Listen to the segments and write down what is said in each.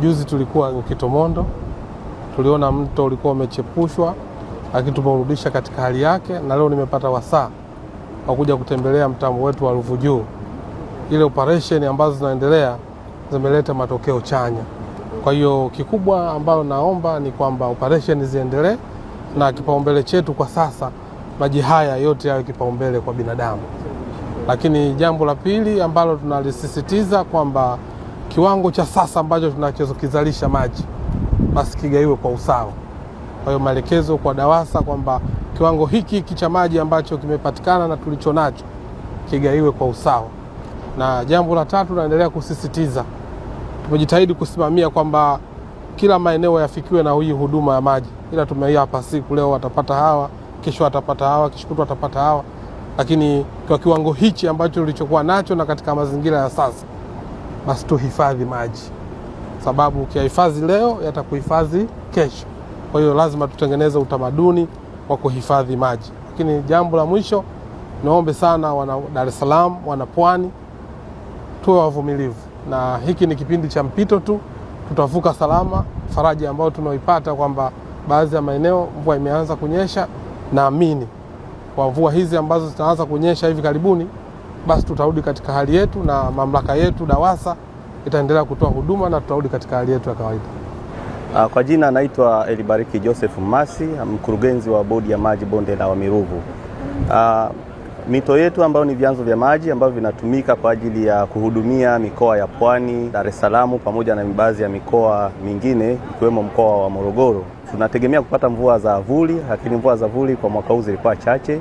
Juzi tulikuwa Nkitomondo, tuliona mto ulikuwa umechepushwa, lakini tumeurudisha katika hali yake, na leo nimepata wasaa wa kuja kutembelea mtambo wetu wa Ruvu Juu. Ile operation ambazo zinaendelea zimeleta matokeo chanya. Kwa hiyo kikubwa ambalo naomba ni kwamba operation ziendelee, na kipaumbele chetu kwa sasa maji haya yote yawe kipaumbele kwa binadamu. Lakini jambo la pili ambalo tunalisisitiza kwamba kiwango cha sasa ambacho tunachokizalisha maji basi kigaiwe kwa usawa. Kwa hiyo maelekezo kwa DAWASA kwamba kiwango hiki hiki cha maji ambacho kimepatikana na tulicho nacho kigaiwe kwa usawa. Na jambo la tatu, naendelea kusisitiza, tumejitahidi kusimamia kwamba kila maeneo yafikiwe na hii huduma ya maji, ila tumeiapa siku, leo watapata hawa, kesho watapata hawa, kesho kutwa watapata hawa, lakini kwa kiwango hichi ambacho tulichokuwa nacho na katika mazingira ya sasa basi tuhifadhi maji, sababu ukiyahifadhi leo yatakuhifadhi kesho. Kwa hiyo lazima tutengeneze utamaduni wa kuhifadhi maji. Lakini jambo la mwisho, niombe sana wana Dar es Salaam, wana Pwani, tuwe wavumilivu, na hiki ni kipindi cha mpito tu, tutavuka salama. Faraja ambayo tunaoipata kwamba baadhi ya maeneo mvua imeanza kunyesha, naamini kwa mvua hizi ambazo zitaanza kunyesha hivi karibuni basi tutarudi katika hali yetu na mamlaka yetu DAWASA itaendelea kutoa huduma na tutarudi katika hali yetu ya kawaida. Ah, kwa jina anaitwa Elibariki Joseph masi mkurugenzi wa bodi ya maji bonde la Wamiruvu. Ah, mito yetu ambayo ni vyanzo vya maji ambavyo vinatumika kwa ajili ya kuhudumia mikoa ya Pwani, Dar es Salaam pamoja na baadhi ya mikoa mingine ikiwemo mkoa wa Morogoro. Tunategemea kupata mvua za vuli, lakini mvua za vuli kwa mwaka huu zilikuwa chache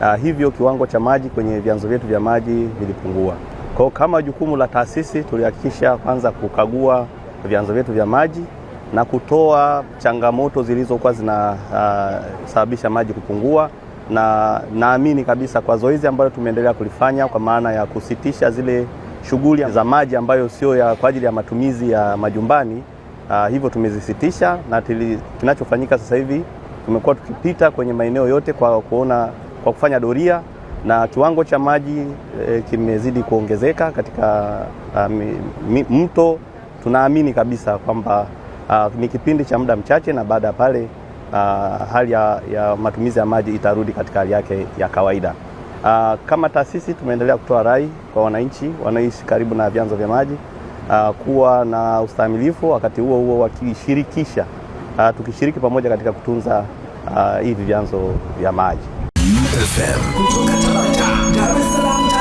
uh, hivyo kiwango cha maji kwenye vyanzo vyetu vya maji vilipungua. Kwa kama jukumu la taasisi tulihakikisha kwanza kukagua vyanzo vyetu vya maji na kutoa changamoto zilizokuwa zinasababisha ah, uh, maji kupungua, na naamini kabisa kwa zoezi ambalo tumeendelea kulifanya kwa maana ya kusitisha zile shughuli za maji ambayo sio ya kwa ajili ya matumizi ya majumbani uh, hivyo tumezisitisha na kinachofanyika sasa hivi tumekuwa tukipita kwenye maeneo yote kwa kuona kwa kufanya doria na kiwango cha maji e, kimezidi kuongezeka katika a, mi, mto. Tunaamini kabisa kwamba ni kipindi cha muda mchache, na baada ya pale hali ya, ya matumizi ya maji itarudi katika hali yake ya kawaida. A, kama taasisi tumeendelea kutoa rai kwa wananchi wanaoishi karibu na vyanzo vya maji a, kuwa na ustamilifu wakati huo huo wakishirikisha tukishiriki pamoja katika kutunza hivi vyanzo vya maji. FM Dar es Salaam